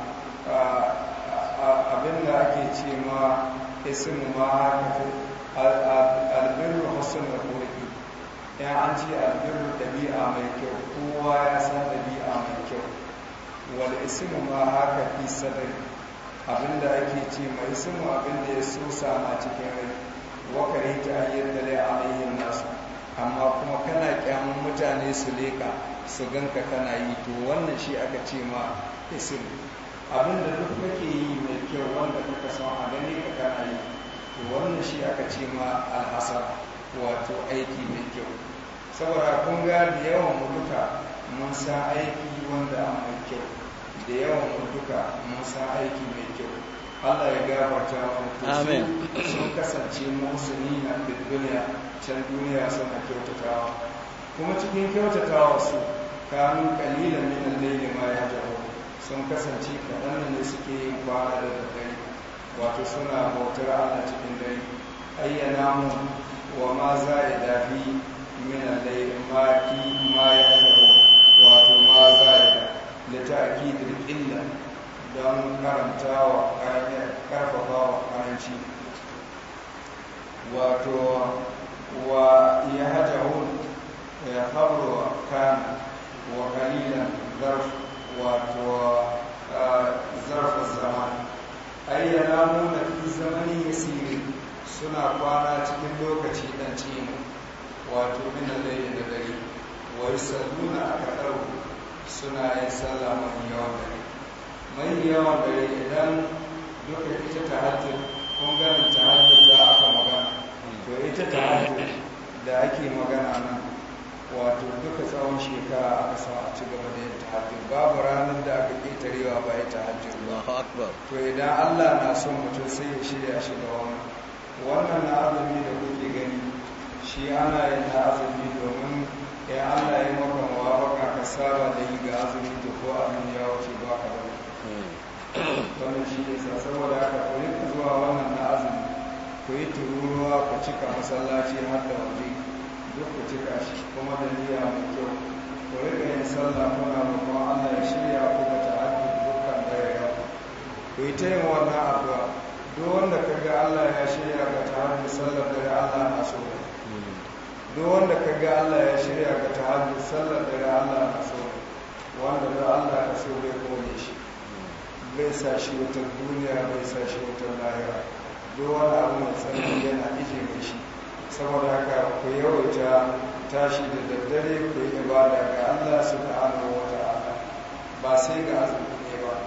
abin da ake ce ma ismu ma haka albirru na kuri ya an ce albirru dabi'a mai kyau kowa ya san dabi'a mai kyau wal ismu ma haka fi sadri abin da ake ce ma ismu abin da ya sosa sama cikin rai ta karita ayyadda a alayhi nasu amma kuma kana kyamun mutane su leka su ganka kana yi to wannan shi aka ce ma isim abin da duk kake yi mai kyau wanda kuka son a gani ka kana yi to wannan shi aka ce ma alhasar wato aiki mai kyau saboda kun ga da yawan mutuka mun sa aiki wanda mai kyau da yawan mutuka mun sa aiki mai kyau Allah ya gafarta wa sun kasance musulmi na duniya can duniya suna kyautatawa kuma cikin kyautatawa su kanu kalilan min al-layli ma sun kasance kaɗan ne suke yin kwana da dare wato suna bautar a cikin dai ayyana mu wa ma za ya dafi min alai ma ki ma ya dawo wato ma za ya da da ta'kidul illa don karfafa wa karanci wato wa ya hajahun ya habro kan wa kalilan zarfi wato zarfin zaman ai ya namu na fi zamani ya siri suna kwana cikin lokaci dan cini wato min laili da dare saduna aka akatharu suna yin sallah mai yawan dare mai yawan dare idan duka ita tahajjud kun ta tahajjud za a ka magana to ita tahajjud da ake magana nan wato duka tsawon shekara aka sa a ci gaba da yin tahajjud babu ranar da aka ƙetarewa ba ya tahajjud ba to idan Allah na son mutum sai ya shirya shi ga wannan wannan na azumi da kuke gani shi ana yin na azumi domin ya Allah ya maka baka ka saba da yi ga azumi da ko abin ya wuce ba ka ba hmm. wannan shi ne saboda haka ku zuwa wannan na azumi ku yi tururuwa ku cika masallaci har da waje duk ku cika shi kuma da niyya mai kyau ku rika yin sallah kuna roƙon Allah ya shirya ku ga ta'addu dukkan gairar ku yi ta yin wannan addu'a duk wanda ka ga Allah ya shirya ga ta'addu sallar dare Allah na so duk wanda ka ga Allah ya shirya ga ta'addu sallar dare Allah na so wanda da Allah ya so bai kone shi bai sa shi wutar duniya bai sa shi wutar lahira duk wani abu mai tsanani yana ije mai shi saboda haka ku yawaita tashi da daddare ku yi ibada ga Allah subhanahu wa ta'ala ba sai ga azumi ne ba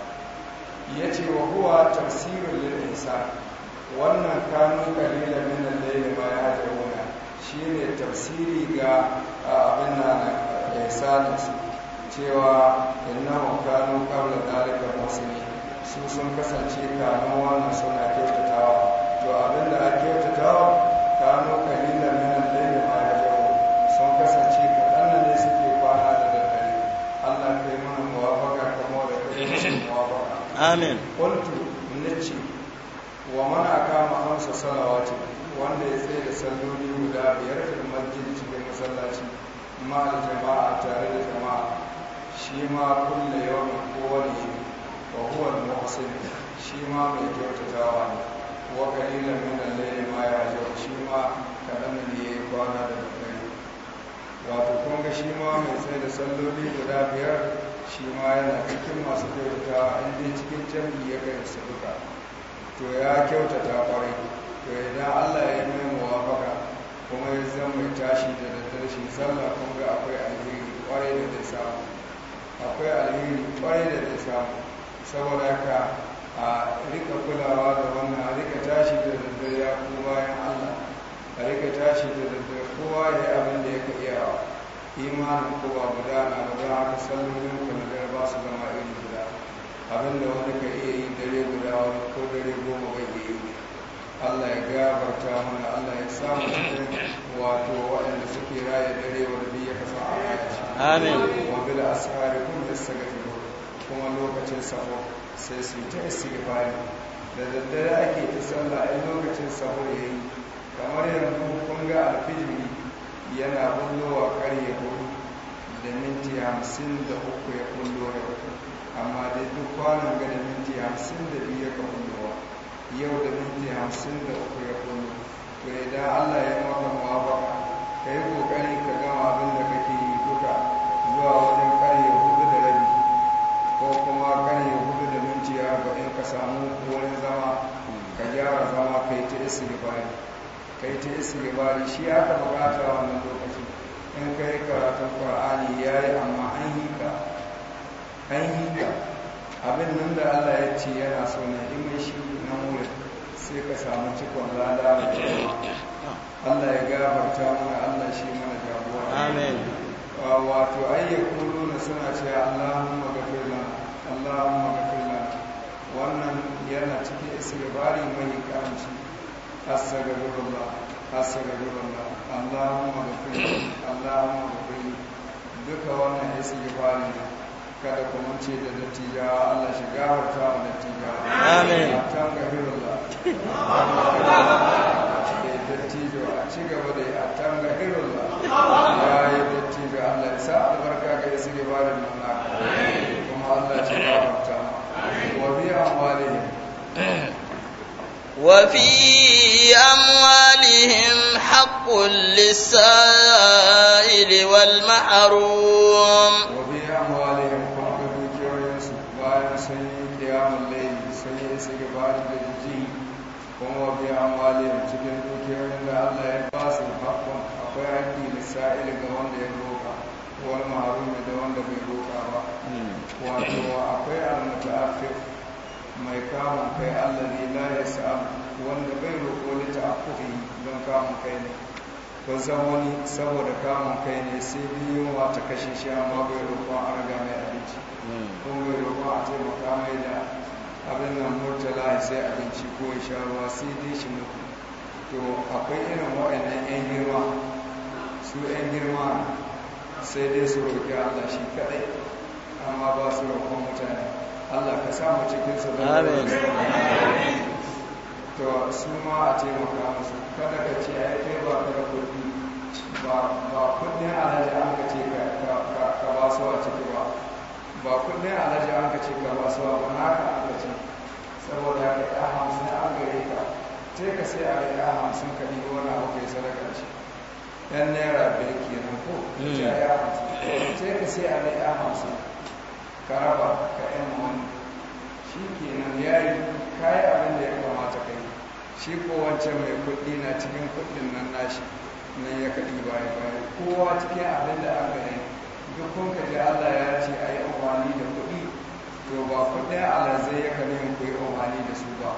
yace wa huwa tafsirul lil insan wannan kanu kalila min al-layl ma yahjuruna shine tafsiri ga abin nan da su cewa innahu kanu qabla dhalika musli su sun kasance kanu wannan suna kyautatawa to abin da a kyautatawa Ka kano kalilan minan da ma yajau sun kasance kaɗan ne suke kwana da daddare Allah kai mana muwafaka kamar da kai musu muwafaka amin qultu nace wa man aqama hamsa salawati wanda ya tsaye da salloli guda biyar fil masjid mai masallaci ma jama'a tare da jama'a shi ma kullu yawmin kowane yi wa huwa al-muhsin shi ma mai kyautatawa ne wa kalilan min ma ya ma yahjaru shi ma kadan ne yi kwana da dare wato kun ga shi ma mai sai da salloli guda biyar shi ma yana cikin masu kyauta an dai cikin jami'i ya kai su duka to ya kyautata kwarai to idan Allah ya yi mai kuma ya zama mai tashi da daddare shi sallah kun ga akwai alheri kwarai da zai samu akwai alheri kwarai da zai samu saboda haka a rika kulawa da wannan a rika tashi da daddare ya bayan Allah a rika tashi da daddare kowa ya abin da ya ka iya imanin kowa guda na ba don haka sallolin ku ba su zama iri guda abin da wani ka iya yi dare guda wani ko dare goma bai iya yi Allah ya gabarta mana Allah ya samu cikin wato waɗanda suke raya dare wani biyu ya kasa a raya amin wa bil da kuma lokacin sahur sai su ta istighfari da daddare ake ta sallah a lokacin sahur yi. kamar yanzu kun ga alfijiri yana bullowa karye hudu da minti hamsin da uku ya kullo yau amma dai duk kwanan ga da minti hamsin da biyu ya kullowa yau da minti hamsin da uku ya kullo to idan allah ya maka ba ka yi kokari ka gama abin da kake yi duka zuwa wajen kuma karni hudu da minti arba'in ka samu wurin zama ka gyara zama ka yi ta isi libari ka yi ta isi libari shi ya aka bukata wannan lokaci in ka yi karatun qur'ani ya yi amma an yi ka an yi ka abin nan da allah ya ce yana so na in shi na wurin sai ka samu cikon lada da allah ya gafarta mana allah shi mana jagora wato ayyukan nuna suna ce mu gafir Allahumma ghfir lana wannan yana cikin istighfari mai karanci astaghfirullah astaghfirullah Allahumma ghfir Allahumma ghfir duka wannan istighfari ne kada ku mace da dattija Allah shi gafarta wa dattija amin kan gafirullah da dattijo a ci gaba da a tan gafirullah ya yi dattijo Allah ya sa albarka ga istighfarin nan وفي أموالهم وفي أموالهم حق للسائل والمحروم وفي أموالهم حق دوكيوين سبحان سيء قيام الليل سيء سيغفار الدجين وما في أموالهم cikin دوكيوين الله يباس الحق أقوى حقي للسائل قوان ليروكا والمحروم دون دبيروكا wato akwai al mai kamun kai Allah ne la sa'am wanda bai roƙo ta ta'affufi don kamun kai ne ko wani saboda kamun kai ne sai biyu yunwa ta kashe shi amma bai roƙo a raga mai abinci ko bai roƙo a taimaka mai da abin nan murtala ya sai abinci ko ya sha ruwa sai dai shi mutu to akwai irin waɗannan 'yan girma su 'yan girma sai dai su roƙi allah shi kaɗai amma ba su roƙon mutane Allah ka samu cikin su da to su ma a maka musu kada ka ce ai kai ba ka da kuɗi ba ba kuɗin alhaji an ka ce ka ba su a ciki ba ba kuɗin alhaji an ka ce ka ba su ba na ka an ka ce saboda ka ɗaya hamsin an gare ka ce ka sai a ɗaya hamsin ka ɗigo wani hukai kai sadaka ce yan naira biyar kenan ko hmm. ce a ɗaya hamsin ce ka sai a ɗaya hamsin karaba ka yan wani shi kenan ya yi kayi abin da ya kamata ka yi shi ko mai kuɗi na cikin kuɗin nan nashi nan ya kaɗi baya baya kowa cikin abin da aka yi duk ka Allah ya ce a yi amfani da kuɗi to ba kuɗin alazai ya kaɗi ku yi amfani da su ba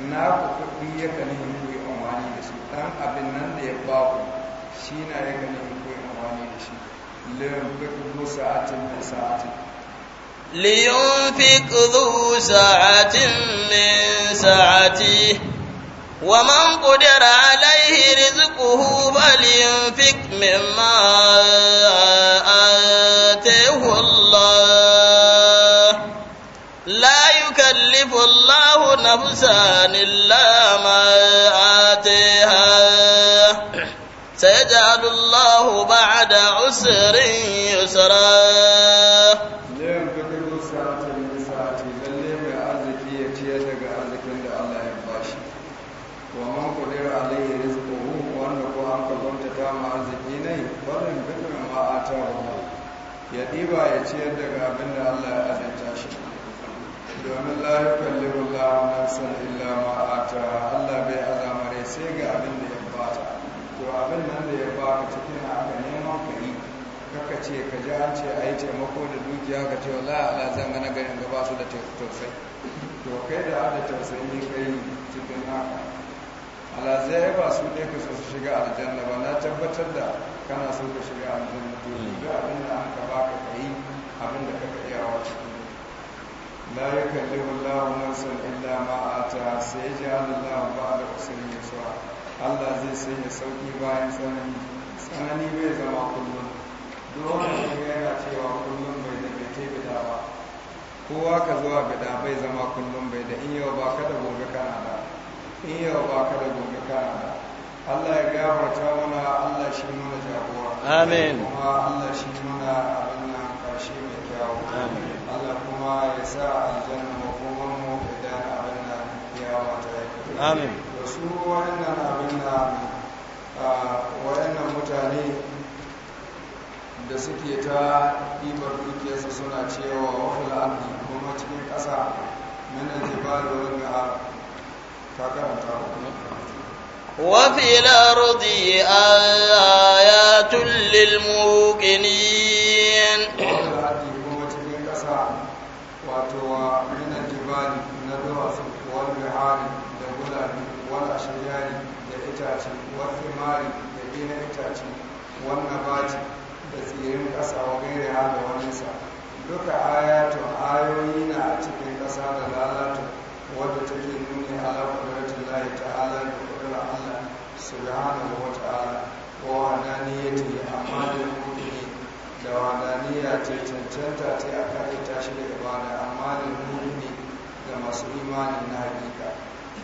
na ku kuɗi ya kaɗi ku yi amfani da su ɗan abin nan da ya ba ku shi na ya kaɗi ku yi amfani da shi lirin kuɗi ko sa'atin mai sa'atin لينفق ذو سعة من سعته ومن قدر عليه رزقه فلينفق مما آتيه الله لا يكلف الله نفسا إلا ما آتيها سيجعل الله بعد عسر يسرا ya ɗiba ya ciyar daga abin da Allah ya azanta shi domin layu kalli wula nafsan illa ma'ata Allah bai azamare sai ga abin da ya bata to abin nan da ya ba ka cikin aka neman ka yi kaka ce ka ji an ce a yi taimako da dukiya ka ce wala ala zan gana garin ba su da tausayi to kai da ne tausayi kai cikin haka ala zai ba su ne ka so su shiga aljanna ba na tabbatar da kana so ka shiga aljanna to ga abin da an ka baka kai abin da kaka iyawa cikin la wallahu nan nafsan illa sai ji an sayaj'alu ba da kusurin yasuwa Allah zai sanya sauki bayan tsanani tsanani bai zama kullum dole ne yana cewa kullum bai da bai bida ba kowa ka zuwa bida bai zama kullum bai da in yau ba ka da gobe kana da in yau ba ka da gobe kana da Allah ya gafarta mana Allah shi mana jagora amin kuma Allah shi mana abin nan karshe mai kyau amin Allah kuma ya sa aljanna makoman mu idan abin nan ya wata amin su wa'annan abin da wa'annan mutane da suke ta ɗibar dukiyarsa suna cewa wafula abdi kuma cikin ƙasa min aljibal wani nahar ka karanta وفي الأرض آيات للموقنين ومن الجبال ندرس والبحار wal ashjari da itace wal imari da gina itace wal nabati da tsirin ƙasa wa gairi ha da waninsa duka ayatu ayoyi na a cikin ƙasa da lalatu wadda take nuni ala layi ta ta'ala da kudura Allah subhanahu wa ta'ala ya wadaniyati amma da ne da wadaniya ce cancanta ce aka ita shi da ibada amma da ne da masu imanin na hakika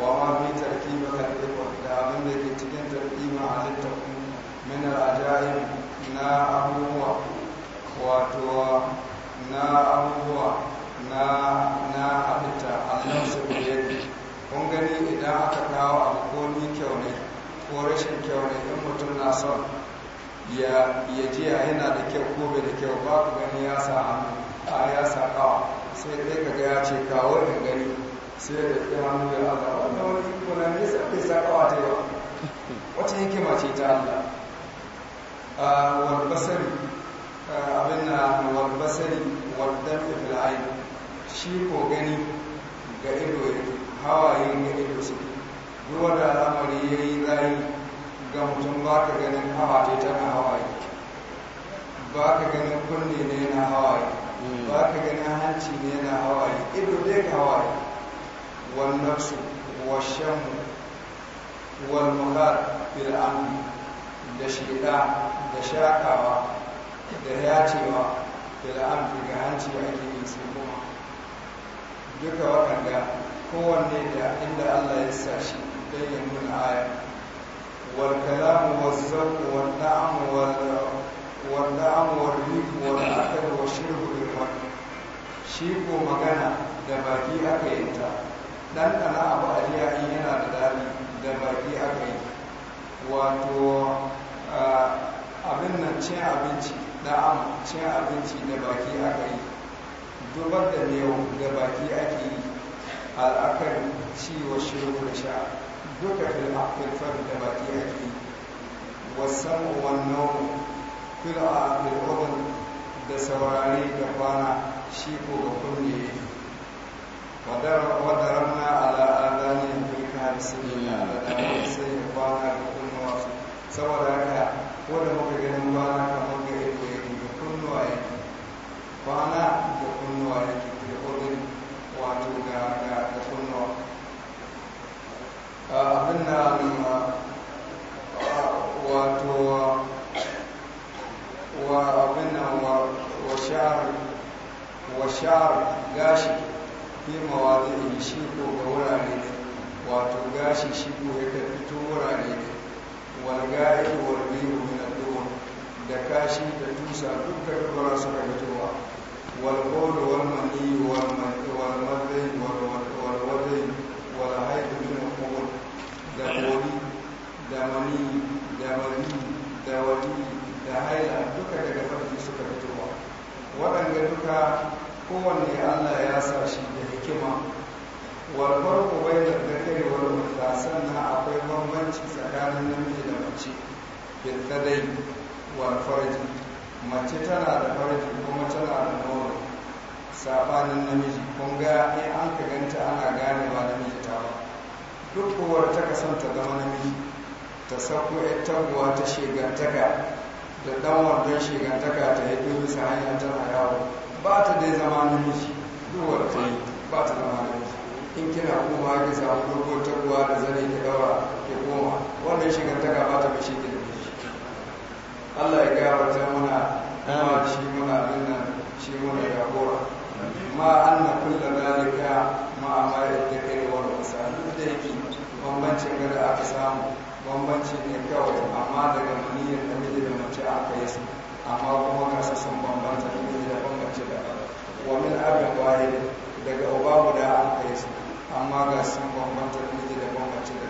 وما في تركيب الحقيقة لأبن لك تكن تركيب على التقوم Na abubuwa. Wato na abubuwa na أبوه نا نا أبتا النفس بيد kun gani idan aka kawo abu ko ni kyau ne ko rashin kyau ne in mutum na son ya ji yana da kyau ko bai da kyau ba ku gani ya sa a ya sa kawa sai dai ka ga ya ce kawo in gani sai ya ɗaya hannu ya Allah wannan wani iko na nesa bai sabawa ta yawa wata hikima ce ta Allah A walbasari abin na walbasari waddafi fil'ayin shi ko gani ga ido hawayen ga ido suke ruwa da al'amari ya yi zai ga mutum ba ka ganin hawaye na hawaye ba ka ganin kunne ne na hawaye ba ka ganin hanci ne na hawaye ido dai ka hawaye والنفس والشم والمهار بالأمر da shida da shakawa da ya cewa la'amfi ga hanci ake yi sai kuma duka waɗanda kowanne da inda Allah ya sashi shi don ya nuna aya wal kalamu wal zawqu wal na'am wal wal na'am wal rifu wani? shi ko magana da baki aka yi ta dan kana abu a yi yana da dadi da baki aka yi wato abin nan cin abinci am cin abinci da baki aka yi dubar da miyau da baki ake yi al'akar ciwo wa shiru da sha duka fil afirfar da baki ake yi wasan wannan fil a da saurari da kwana shi ko ga kunne yi وضربنا على آذانهم في الكهف سنين sai ya da kunnuwa saboda ko da ganin kamar kunnuwa da kunnuwa wato da kunnuwa wa sha'ar gashi fi mawazin shi ko ga wurare ne wato gashi shi ko ya ka fito wurare ne walgari walbiyu na duwan da kashi da tusa dukkan kura suka fitowa walƙolu walmani walmazai walwazai walhaifu na kowar da kori da mani da mani da wani da haila duka daga farji suka fitowa waɗanda duka kowanne allah ya sa shi hikima walwar ubai da zakari walwar sannan akwai bambanci tsakanin namiji da mace bin kadai wa farji mace tana da farji kuma tana da nono sabanin namiji kun ga in an ka ganta ana ganewa namiji ta ba duk kowar ta kasanta zama namiji ta sako yar tabuwa ta shegantaka da dan wandon shegantaka ta yi bisa hanyar tana yawo ba ta dai zama namiji duk wata yi ba ta da halinki in kina kuma ke samu dogon kuwa da zane ki daura ki koma wannan shigantaka ba ta bishe ki da shi. Allah ya gafarta muna ma shi muna dinnan shi muna jagora ma na kulla zalika ma a mayar da kai wa duk da yake bambancin gada aka samu bambanci ne kawai amma daga maniyyar da miji da mace aka yi su amma kuma kasa sun bambanta da miji da bambance da wa min abin wahid daga uba guda an kai su amma ga sun bambanta miji da bambanci da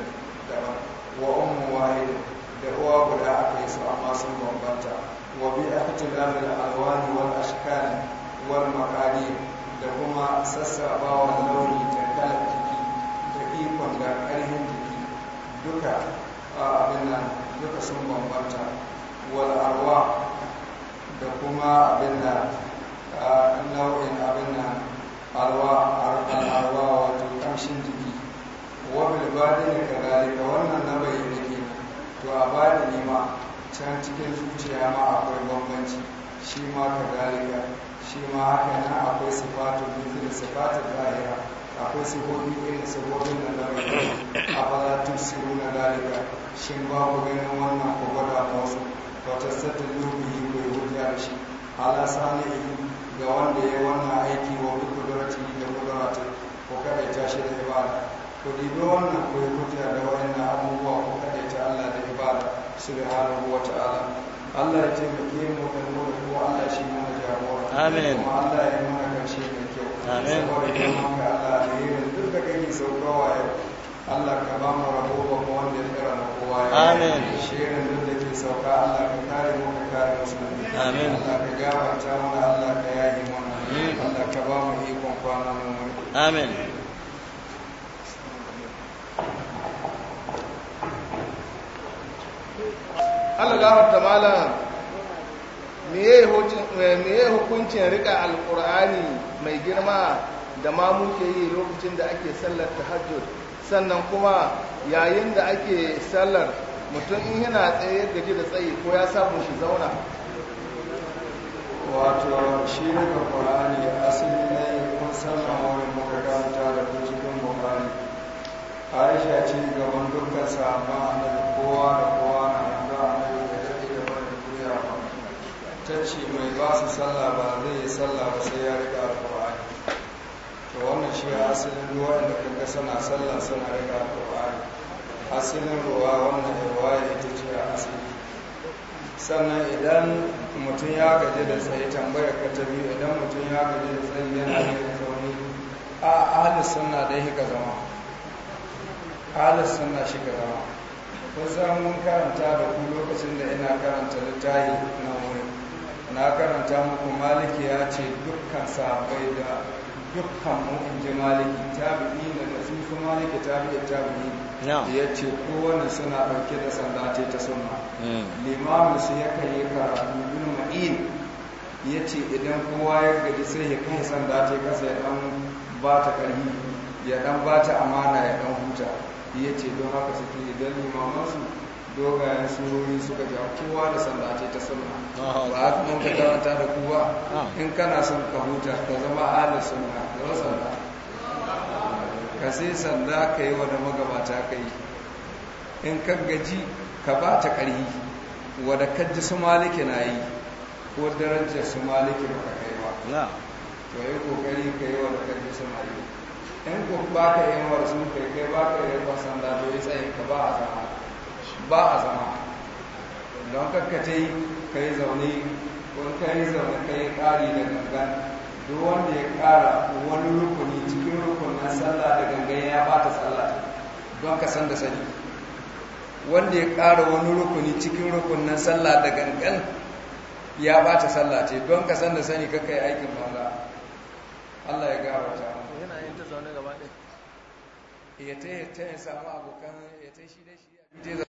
daban wa ummu wahid da uwa guda a kai su amma sun bambanta wa bi ihtilal al-alwani wal ashkal wal makari da kuma sassabawa launi da kalar jiki da ikon da ƙarfin jiki duka abin nan duka sun bambanta wal arwa da kuma abin nan nau'in abin nan arwa al'arwa wato kamshin jiki wabil badin ka wannan na to a badin ne ma cikin zuciya ma akwai bambanci shi ma ka shi ma haka akwai sifatu bizil sifatu akwai sifofi irin sifofin da na bayyana a falatun wannan ko gwada wasu wata sattin lubi sani ga wanda ya wannan aiki wa duk kudurati da kudurati ko kada ta shi da ibada ko dibe wannan ko kuta da wannan abubuwa ko kada ta Allah da ibada subhanahu wa ta'ala Allah ya taimake mu da mu da kuma Allah shi mu da jagora amin kuma Allah ya mana karshe mai kyau amin saboda kuma Allah ya duk da kake saukowa yau Allah ka ba mu rabo ba mu wanda ya tsara na kowa ya amin shirin duk da ke sauka Allah ka kare mu ka kare musulmi amin Allah ka ta mana Allah ka yayi mana Allah ka ba mu ikon kwana mu amin Allah gafarta mala meye eh, hukuncin rika alkur'ani mai girma da ma muke yi lokacin da ake sallar tahajjud sannan kuma yayin da ake sallar mutum in yana tsaye da gaji da tsayi ko ya samu shi zauna wato shi daga ƙwararri asali ne kun sannan wani makaranta da kun cikin bukari aisha ce gaban dukkan na da kowa da kowa na yanzu annabi da ya rike wani kuriya ba ta ce mai ba su sallah ba zai yi ba sai ya rika alƙur'ani to wannan shi ya asalin ruwa da kanka sana sallah sana riga alƙur'ani asalin ruwa wannan ruwa ya ita ce a asali sannan idan mutum ya gaji da tsaye tambayar ka ta biyu idan mutum ya gaji da tsaye yana da zaune a ahalis suna dai shi ka zama ahalis suna shi ka zama kun san mun karanta da ku lokacin da ina karanta littafi na wurin na karanta muku maliki ya ce dukkan sabai da dukkan mu in ji maliki tabi'i da nasifu maliki tabi'i tabi'i ya ce kowane suna ɗauke da sanda ce ta sunna mm. limamin su ya kai ya karatu bin ma'in ya ce idan kowa ya gaji sai ya kai sanda ce kasa ya ɗan ba ta ƙarfi ya ɗan ba ta amana ya ɗan huta ya ce don haka suke idan limamansu dogayen surori suka ja kowa da sanda ce ta sunna ah, ba a kuma ka karanta da kowa ah. in kana son ka huta ka zama suna sunna wasa ba ka sai sanda ka yi wani magabata ka yi in ka gaji ka ba ta ƙarfi wadda ka ji su maliki na yi ko darajar su maliki ba ka kai ba to yi kokari ka yi wadda ka ji su maliki in ku ba ka yi wa sun kai kai ba ka yi wa sanda to yi tsayin ka ba a zama ba a zama don kakkace ka yi zaune ko ka yi zaune ka yi ƙari da gangan duk wanda ya ƙara wani rukuni cikin rukunin sallah da gangan ya bata sallah don ka san da sani wanda ya ƙara wani rukuni cikin rukunin sallah da gangan ya bata sallah ce don ka san da sani kakkai aikin banza Allah ya gabata yana yin ta zaune gaba ɗaya ya ta yi ta yi samu abokan ya ta shi da shi